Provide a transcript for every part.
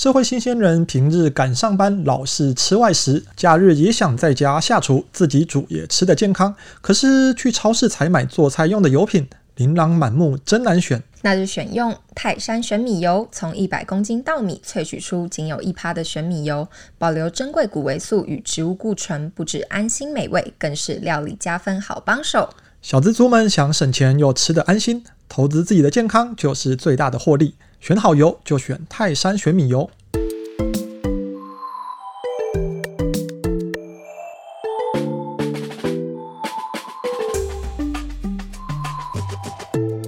社會新鮮人平日趕上班，老是吃外食；假日也想在家下廚，自己煮也吃得健康。可是去超市採買做菜用的油品，琳琅滿目，真難選。那就選用泰山玄米油，從一百公斤稻米萃取出僅有一趴的玄米油，保留珍貴穀維素與植物固醇，不止安心美味，更是料理加分好幫手。小資族們想省錢又吃得安心，投資自己的健康就是最大的獲利。選好油就選泰山玄米油。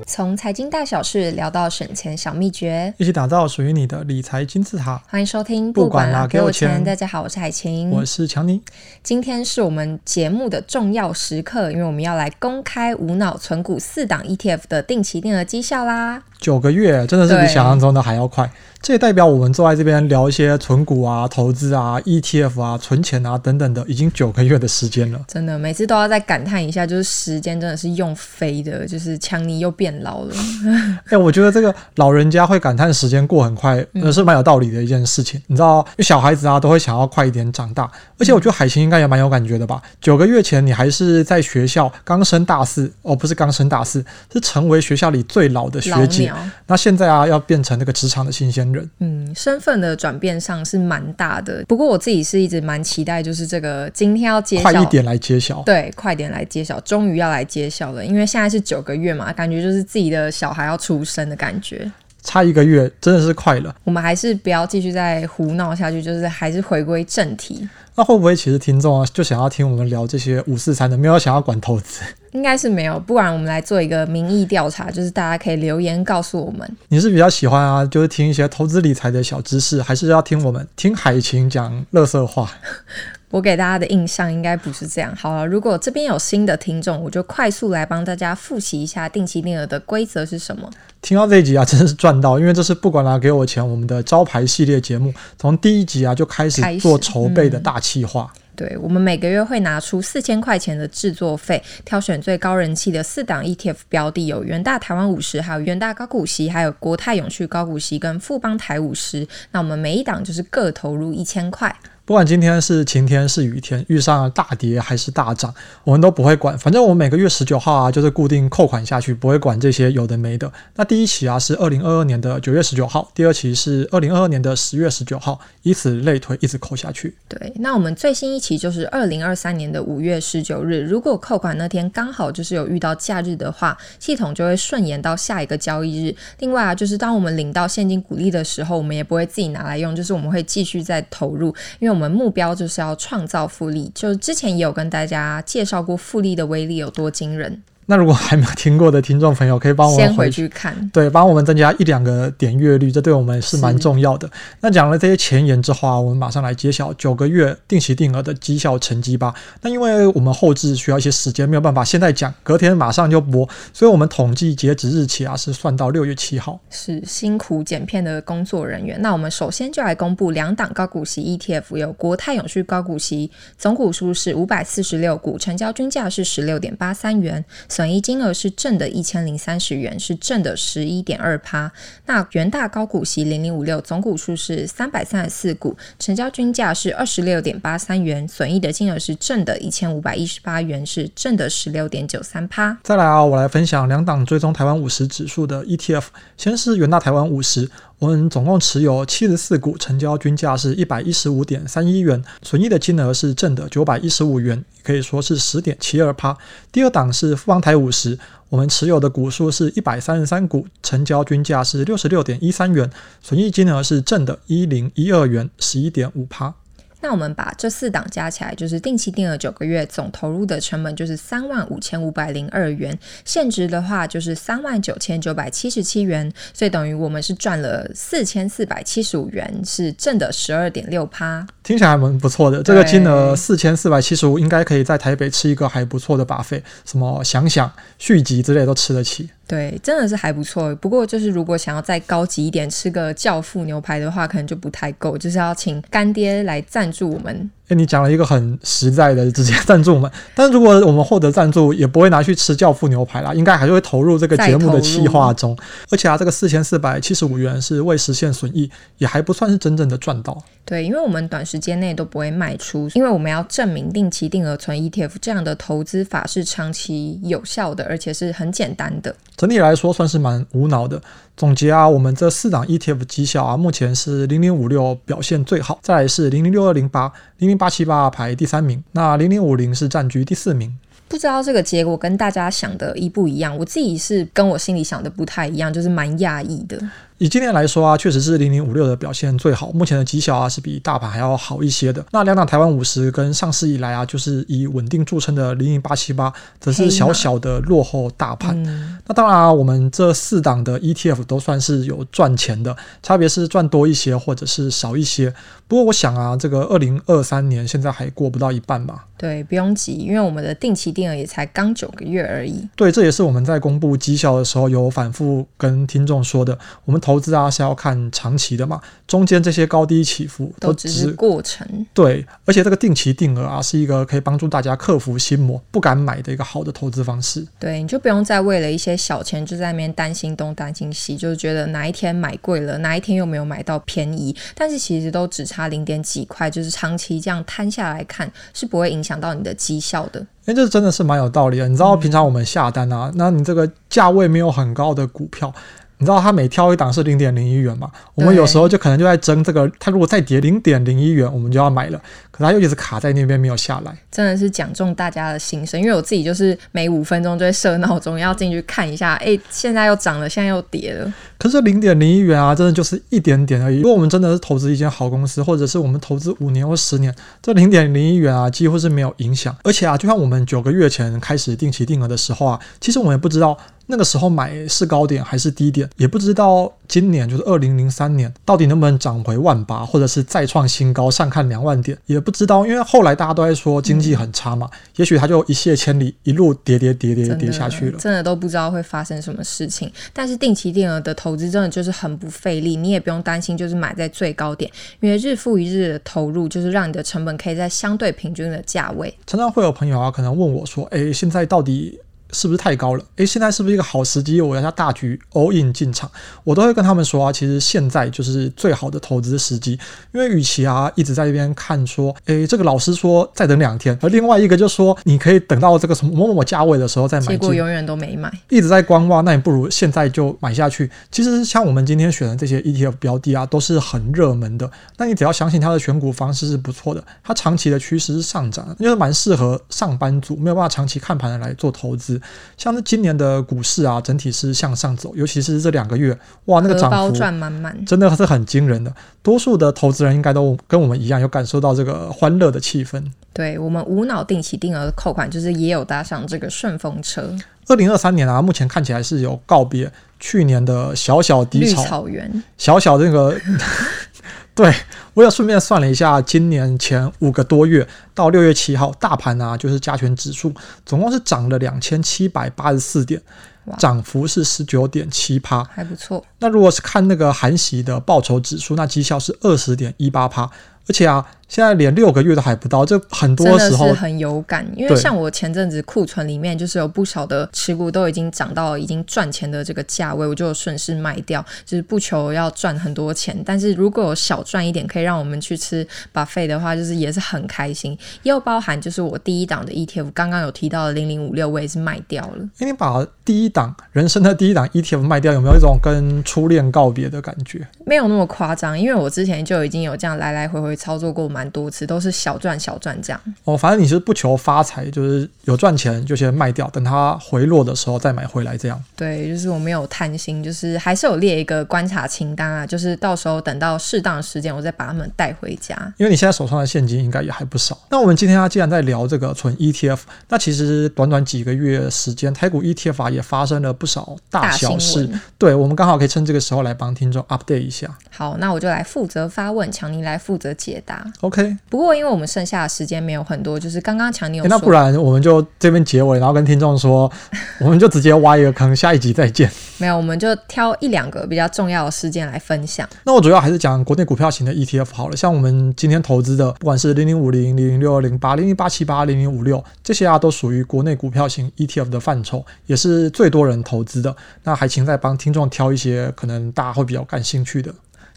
從財經大小事聊到省錢小秘訣，一起打造屬於你的理財金字塔。歡迎收聽，不管啦、啊，給我錢。大家好，我是海晴，我是強尼。今天是我們節目的重要時刻，因為我們要來公開無腦存股四檔 ETF 的定期定額績效啦。九個月真的是比想象中的還要快對，這也代表我們坐在這邊聊一些存股啊、投資啊、ETF 啊、存錢啊等等的，已經九個月的時間了。真的，每次都要再感嘆一下，就是時間真的是用飛的，就是強尼又變老了。哎、 欸，我覺得這個老人家會感嘆時間過很快，那是蠻有道理的一件事情。嗯、你知道，小孩子啊都會想要快一點長大，而且我覺得海晴應該也蠻有感覺的吧。嗯、九個月前你還是在學校剛升大四，哦，不是剛升大四，是成為學校裡最老的學姐。那現在啊，要變成那個職場的新鮮人，嗯，身份的轉變上是蠻大的。不過我自己是一直蠻期待，就是這個今天要揭曉，快一點來揭曉，對，快點來揭曉，終於要來揭曉了。因為現在是九個月嘛，感覺就是自己的小孩要出生的感覺。差一個月真的是快了。我們還是不要繼續再胡鬧下去，就是還是回歸正題。那會不會其實聽眾啊，就想要聽我們聊這些五四三的，沒有想要管投資？應該是沒有。不然我們來做一個民意調查，就是大家可以留言告訴我們，你是比較喜歡啊，就是聽一些投資理財的小知識，還是要聽我們聽海晴講垃圾話？ 我給大家的印象應該不是這樣。好了、啊，如果這邊有新的聽眾，我就快速來幫大家複習一下定期定額的規則是什麼。聽到這一集啊，真的是賺到，因為這是《不管啦！給我錢》，我們的招牌系列節目，從第一集啊就開始做籌備的大企劃、嗯。對我們每個月會拿出四千塊錢的制作費，挑選最高人氣的四檔 ETF 標的，有元大台灣五十，還有元大高股息，還有國泰永續高股息跟富邦台五十。那我們每一檔就是各投入一千塊。不管今天是晴天是雨天，遇上了大跌還是大漲，我們都不會管。反正我們每個月十九號啊，就是固定扣款下去，不會管這些有的沒的。那第一期啊是二零二二年的九月十九號，第二期是二零二二年的十月十九號，以此類推，一直扣下去。對，那我們最新一期就是二零二三年的五月十九日。如果扣款那天剛好就是有遇到假日的話，系統就會順延到下一個交易日。另外啊，就是當我們領到現金股利的時候，我們也不會自己拿來用，就是我們會繼續再投入，因為我們。我們目標就是要創造複利，就是之前也有跟大家介紹過複利的威力有多驚人。那如果還沒有聽過的聽眾朋友，可以幫我們回，先回去看，對，幫我們增加一兩個點閱率，這對我們是蠻重要的。是那講了這些前言之後啊，我們馬上來揭曉九個月定期定額的績效成績吧。那因為我們後製需要一些時間，沒有辦法現在講，隔天馬上就播，所以我們統計截止日期啊是算到六月七號。是辛苦剪片的工作人員。那我們首先就來公布兩檔高股息 ETF，有國泰永續高股息，總股數是五百四十六股，成交均價是十六點八三元。損益金額是正的一千零三十元，是正的十一點二趴。那元大高股息零零五六總股數是三百三十四股，成交均價是二十六點八三元，損益的金額是正的一千五百一十八元，是正的十六點九三趴。再來啊，我來分享兩檔追蹤台灣五十指數的 ETF，先是元大台灣五十。我們總共持有七十四股，成交均價是一百一十五點三一元，損益的金額是正的九百一十五元，可以說是十點七二趴。第二檔是富邦台五十，我們持有的股數是一百三十三股，成交均價是六十六點一三元，損益金額是正的一零一二元，十一點五趴。那我們把這四檔加起來，就是定期定額九個月，總投入的成本就是三萬五千五百零二元，現值的話就是三萬九千九百七十七元，所以等於我們是賺了四千四百七十五元，是正的十二點六趴。聽起來還蠻不錯的，對這個金額四千四百七十五應該可以在台北吃一個還不錯的 buffet，什麼想想續集之類都吃得起。對，真的是還不錯。不過就是，如果想要再高級一點，吃個教父牛排的話，可能就不太夠，就是要請乾爹來贊助我們。跟你講了一個很實在的，直接贊助我們。但如果我們獲得贊助，也不會拿去吃教父牛排啦，應該還是會投入這個節目的企劃中。而且啊，這個四千四百七十五元是未實現損益，也還不算是真正的賺到。對，因為我們短時間內都不會賣出，因為我們要證明定期定額存 ETF 這樣的投資法是長期有效的，而且是很簡單的。整體來說算是蠻無腦的。總結啊，我們這四檔 ETF 績效啊，目前是零零五六表現最好，再來是零零六二零八，零零八七八排第三名，那零零五零是佔據第四名。不知道這個結果跟大家想的一不一樣，我自己是跟我心裡想的不太一樣，就是蠻訝異的。以今年來說啊，確實是零零五六的表現最好。目前的績效啊是比大盤還要好一些的。那兩檔台灣五十跟上市以來啊，就是以穩定著稱的零零八七八，則是小小的落後大盤。嗯、那當然啊，我們這四檔的 ETF 都算是有賺錢的，差別是賺多一些或者是少一些。不過我想啊，這個二零二三年現在還過不到一半嘛。對，不用急，因為我們的定期定額也才剛九個月而已。對，這也是我們在公布績效的時候有反復跟聽眾說的。我們同。投資啊是要看長期的嘛，中間這些高低起伏都，值都只是過程。對，而且這個定期定額啊是一個可以幫助大家克服心魔、不敢買的一個好的投資方式。對，你就不用再為了一些小錢就在那邊擔心東擔心西，就是覺得哪一天買貴了，哪一天又沒有買到便宜，但是其實都只差零點幾塊，就是長期這樣攤下來看是不會影響到你的績效的。哎，這真的是蠻有道理的。你知道平常我們下單啊，嗯、那你這個價位沒有很高的股票，你知道它每跳一檔是零點零一元嘛？我們有時候就可能就在爭這個，對它如果再跌零點零一元，我們就要買了。可是它又一直卡在那邊沒有下來，真的是講中大家的心聲。因為我自己就是每五分鐘就會設鬧鐘，要進去看一下。哎，現在又漲了，現在又跌了。可是零點零一元啊，真的就是一點點而已。如果我們真的是投資一間好公司，或者是我們投資五年或十年，這零點零一元啊，幾乎是沒有影響。而且啊，就像我們九個月前開始定期定額的時候啊，其實我們也不知道那個時候買是高點還是低點，也不知道今年就是二零二三年到底能不能漲回萬八，或者是再創新高，上看兩萬點也。不知道，因為後來大家都在說經濟很差嘛，嗯、也許它就一瀉千里，一路跌跌跌跌跌跌下去了。真，真的都不知道會發生什麼事情。但是定期定額的投資真的就是很不費力，你也不用擔心就是買在最高點，因為日復一日的投入，就是讓你的成本可以在相對平均的價位。常常會有朋友啊，可能問我說：“哎、欸，現在到底？”是不是太高了？誒，現在是不是一個好時機？我要下大舉 all in 進場，我都會跟他們說啊，其實現在就是最好的投資時機，因為與其啊一直在這邊看說，誒，這個老師說再等兩天，而另外一個就說你可以等到這個什麼某某某價位的時候再買，結果永遠都沒買，一直在觀望，那你不如現在就買下去。其實像我們今天選的這些 ETF 標的啊，都是很熱門的，那你只要相信它的選股方式是不錯的，它長期的趨勢是上漲，因為蠻適合上班族沒有辦法長期看盤的來做投資。像是今年的股市啊，整體是向上走，尤其是這兩個月，哇，那個漲幅真的是很驚人的。賺滿滿，多數的投資人應該都跟我們一樣，有感受到這個歡樂的氣氛。對，我們無腦定期定額扣款，就是也有搭上這個順風車。二零二三年啊，目前看起來是有告別去年的小小低潮，綠草原，小小那個。 對，我也順便算了一下，今年前五個多月到六月七號，大盤呢、啊、就是加權指數，總共是漲了兩千七百八十四點，漲幅是十九點七趴，還不錯。那如果是看那個含息的報酬指數，那績效是二十點一八趴，而且啊。現在連六個月都還不到，就很多時候真的是很有感，因為像我前陣子庫存裡面對就是有不少的持股都已經漲到已經賺錢的這個價位，我就順勢賣掉，就是不求要賺很多錢，但是如果有小賺一點可以讓我們去吃 buffet 的話，就是也是很開心。又包含就是我第一檔的 ETF，剛剛有提到的零零五六，我也是賣掉了。欸、你把第一檔人生的第一檔 ETF 賣掉，有沒有一種跟初戀告別的感覺？嗯、沒有那麼誇張，因為我之前就已經有這樣來來回回操作過買。多次都是小賺小賺這樣哦，反正你是不求發財，就是有賺錢就先賣掉，等它回落的時候再買回來這樣。對，就是我沒有貪心，就是還是有列一個觀察清單啊，就是到時候等到適當的時間，我再把它們帶回家。因為你現在手上的現金應該也還不少。那我們今天啊，既然在聊這個存 ETF，那其實短短幾個月時間，台股 ETF 也發生了不少大小事。對，我們剛好可以趁這個時候來幫聽眾 update 一下。好，那我就來負責發問，強尼來負責解答。OK，不過因為我們剩下的時間沒有很多，就是剛剛強尼有說，欸、那不然我們就這邊結尾，然後跟聽眾說， 我們就直接挖一個坑，下一集再見。沒有，我們就挑一兩個比較重要的事件來分享。那我主要還是講國內股票型的 ETF 好了，像我們今天投資的，不管是零零五零、零零六二零八、零零八七八、零零五六，這些啊都屬於國內股票型 ETF 的範疇，也是最多人投資的。那還請再幫聽眾挑一些可能大家會比較感興趣的。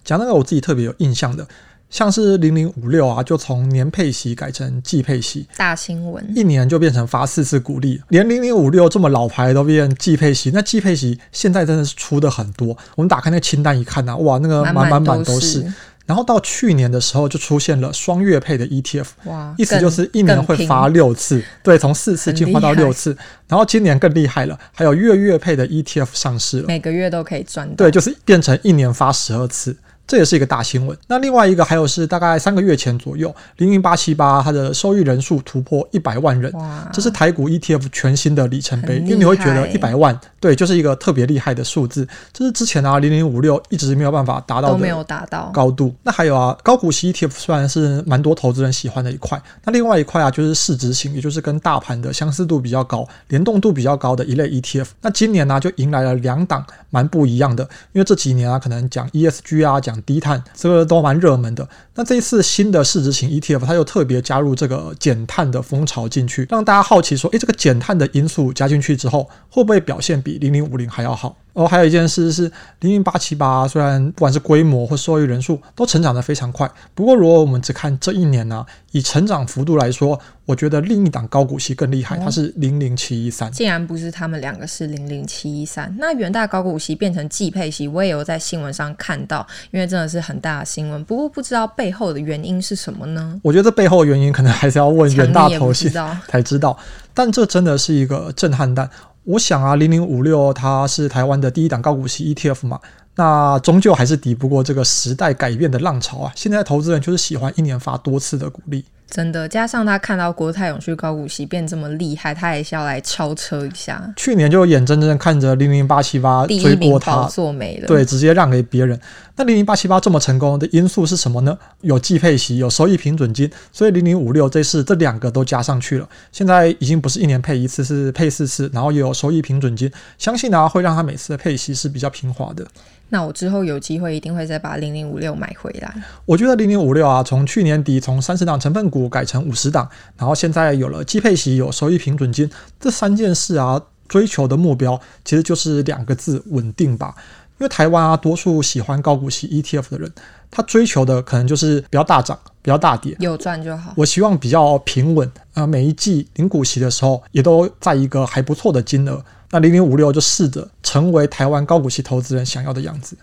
講那個我自己特別有印象的。像是零零五六啊，就從年配息改成季配息，大新聞，一年就變成發四次股利，連零零五六這麼老牌都變季配息。那季配息現在真的是出的很多，我們打開那個清單一看呢、啊，哇，那個滿滿滿都是。滿滿都是，然後到去年的時候就出現了雙月配的 ETF，哇，意思就是一年會發六次，平對，從四次進化到六次。然後今年更厲害了，還有月月配的 ETF 上市了，每個月都可以賺。對，就是變成一年發十二次。這也是一個大新聞。那另外一個還有是大概三個月前左右，零零八七八它的收益人數突破一百萬人，哇這是台股 ETF 全新的里程碑，因為你會覺得一百萬，對，就是一個特別厲害的數字。這是之前啊，零零五六一直沒有辦法達到的高度，都沒有達到高度。那還有啊，高股息 ETF 雖然是蠻多投資人喜歡的一塊，那另外一塊啊就是市值型，也就是跟大盤的相似度比較高，聯動度比較高的一類 ETF。那今年呢，啊，就迎來了兩檔蠻不一樣的，因為這幾年啊可能講 ESG 啊講。低碳，這個都蠻熱門的。那這一次新的市值型 ETF，它又特別加入這個減碳的風潮進去，讓大家好奇說：哎，這個減碳的因素加進去之後，會不會表現比0050還要好？哦，還有一件事是零零八七八，雖然不管是規模或受益人數都成長得非常快，不過如果我們只看這一年呢、啊，以成長幅度來說，我覺得另一檔高股息更厲害，它是零零七一三。竟然不是他們兩個，是零零七一三。那元大高股息變成季配息，我也有在新聞上看到，因為真的是很大的新聞。不過不知道背後的原因是什麼呢？我覺得背後的原因可能還是要問元大投信才知道。但這真的是一個震撼彈。我想啊，零零五六它是台灣的第一檔高股息 ETF 嘛，那終究還是抵不過這個時代改變的浪潮啊，現在投資人就是喜歡一年發多次的股利。真的，加上他看到國泰永續高股息變這麼厲害，他也是要來超車一下。去年就眼睜睜看着零零八七八追過它，做沒了，對，直接讓給別人。那零零八七八這麼成功的因素是什麼呢？有季配息，有收益平準金，所以零零五六這次這兩個都加上去了。現在已經不是一年配一次，是配四次，然後也有收益平準金，相信呢、啊、會讓他每次的配息是比較平滑的。那我之後有機會一定會再把零零五六買回來。我覺得零零五六啊，從去年底從三十檔成分股，改成五十檔，然後現在有了季配息，有收益平準金，這三件事啊，追求的目標其實就是兩個字：穩定吧。因為台灣啊，多數喜歡高股息 ETF 的人，他追求的可能就是比較大漲，比較大跌，有賺就好。我希望比較平穩啊，每一季領股息的時候也都在一個還不錯的金額。那零零五六就試着成為台灣高股息投資人想要的樣子。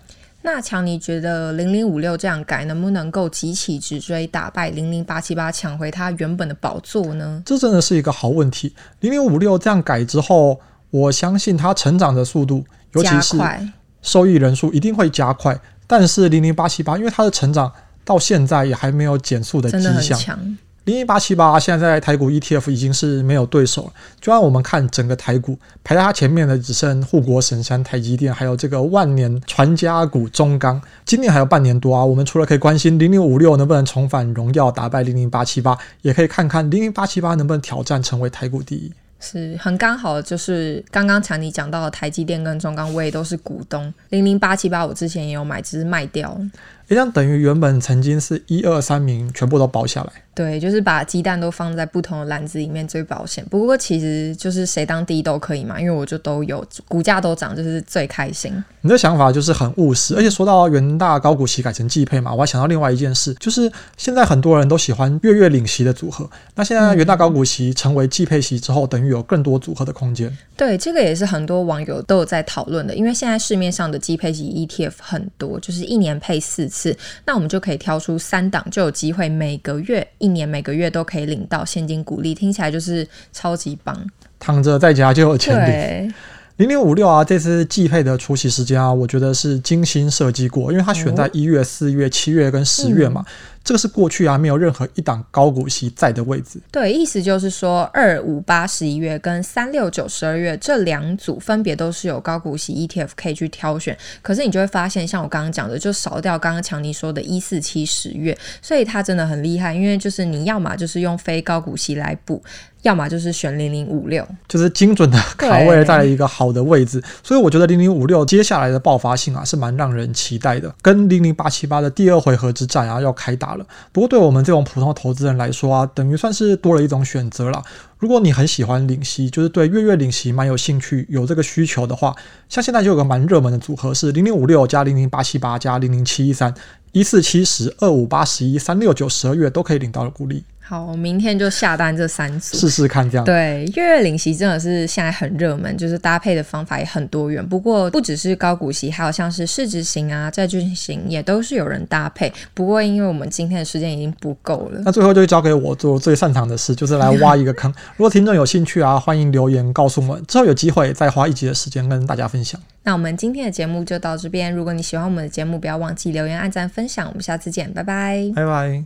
那強，你覺得零零五六這樣改能不能夠急起直追，打敗零零八七八，搶回他原本的寶座呢？這真的是一個好問題。零零五六這樣改之後，我相信他成長的速度，尤其是受益人數一定會加快。但是零零八七八，因為他的成長到現在也還沒有減速的跡象。零零八七八現在在台股 ETF 已經是沒有對手了。就讓我們看整個台股，排在它前面的只剩護國神山台積電，還有這個萬年傳家股中鋼。今年還有半年多啊，我們除了可以關心零零五六能不能重返榮耀，打敗零零八七八，也可以看看零零八七八能不能挑戰成為台股第一。是很剛好，就是剛剛強尼講到的台積電跟中鋼，我也都是股東。零零八七八我之前也有買，只是賣掉。這樣等於原本曾經是一二三名全部都包下來。對，就是把雞蛋都放在不同的籃子裡面最保險。不過其實就是誰當第一都可以嘛，因為我就都有股價都漲，就是最開心。你的想法就是很務實，而且說到元大高股息改成季配嘛，我還想到另外一件事，就是現在很多人都喜歡月月領息的組合。那現在元大高股息成為季配息之後，嗯、等於有更多組合的空間。對，這個也是很多網友都有在討論的，因為現在市面上的季配息 ETF 很多，就是一年配四。次，那我們就可以挑出三檔，就有機會每個月、一年每個月都可以領到現金股利。聽起來就是超級棒。躺着在家就有錢領。零零五六啊，這次季配的除息時間啊，我覺得是精心設計過，因為它選在一月、哦、四月、七月跟十月嘛。嗯這個是過去啊，沒有任何一檔高股息在的位置。對，意思就是說，二五八十一月跟三六九十二月這兩組分別都是有高股息 ETF 可以去挑選。可是你就會發現，像我剛剛講的，就少掉剛剛強尼說的一四七十月，所以它真的很厲害，因為就是你要嘛就是用非高股息來補，要麼就是選零零五六，就是精準的卡位來，帶來一個好的位置。對所以我覺得零零五六接下來的爆發性啊是蠻讓人期待的，跟零零八七八的第二回合之戰啊要開打。不過，對我們這種普通的投資人來說啊，等於算是多了一種選擇啦。如果你很喜歡領息，就是對月月領息蠻有興趣，有這個需求的話，像現在就有個蠻熱門的組合是零零五六加零零八七八加零零七一三一四七十二五八十一三六九十二月都可以領到的股利。好，我明天就下單這三組試試看，這樣對。月月領息真的是現在很熱門，就是搭配的方法也很多元。不過不只是高股息，還有像是市值型啊、債券型也都是有人搭配。不過因為我們今天的時間已經不夠了，那最後就交給我做最擅長的事，就是來挖一個坑。 如果聽眾有興趣啊，歡迎留言告訴我們，之後有機會再花一集的時間跟大家分享。那我們今天的節目就到這邊。如果你喜歡我們的節目，不要忘記留言、按讚、分享。我們下次見，拜拜，拜拜。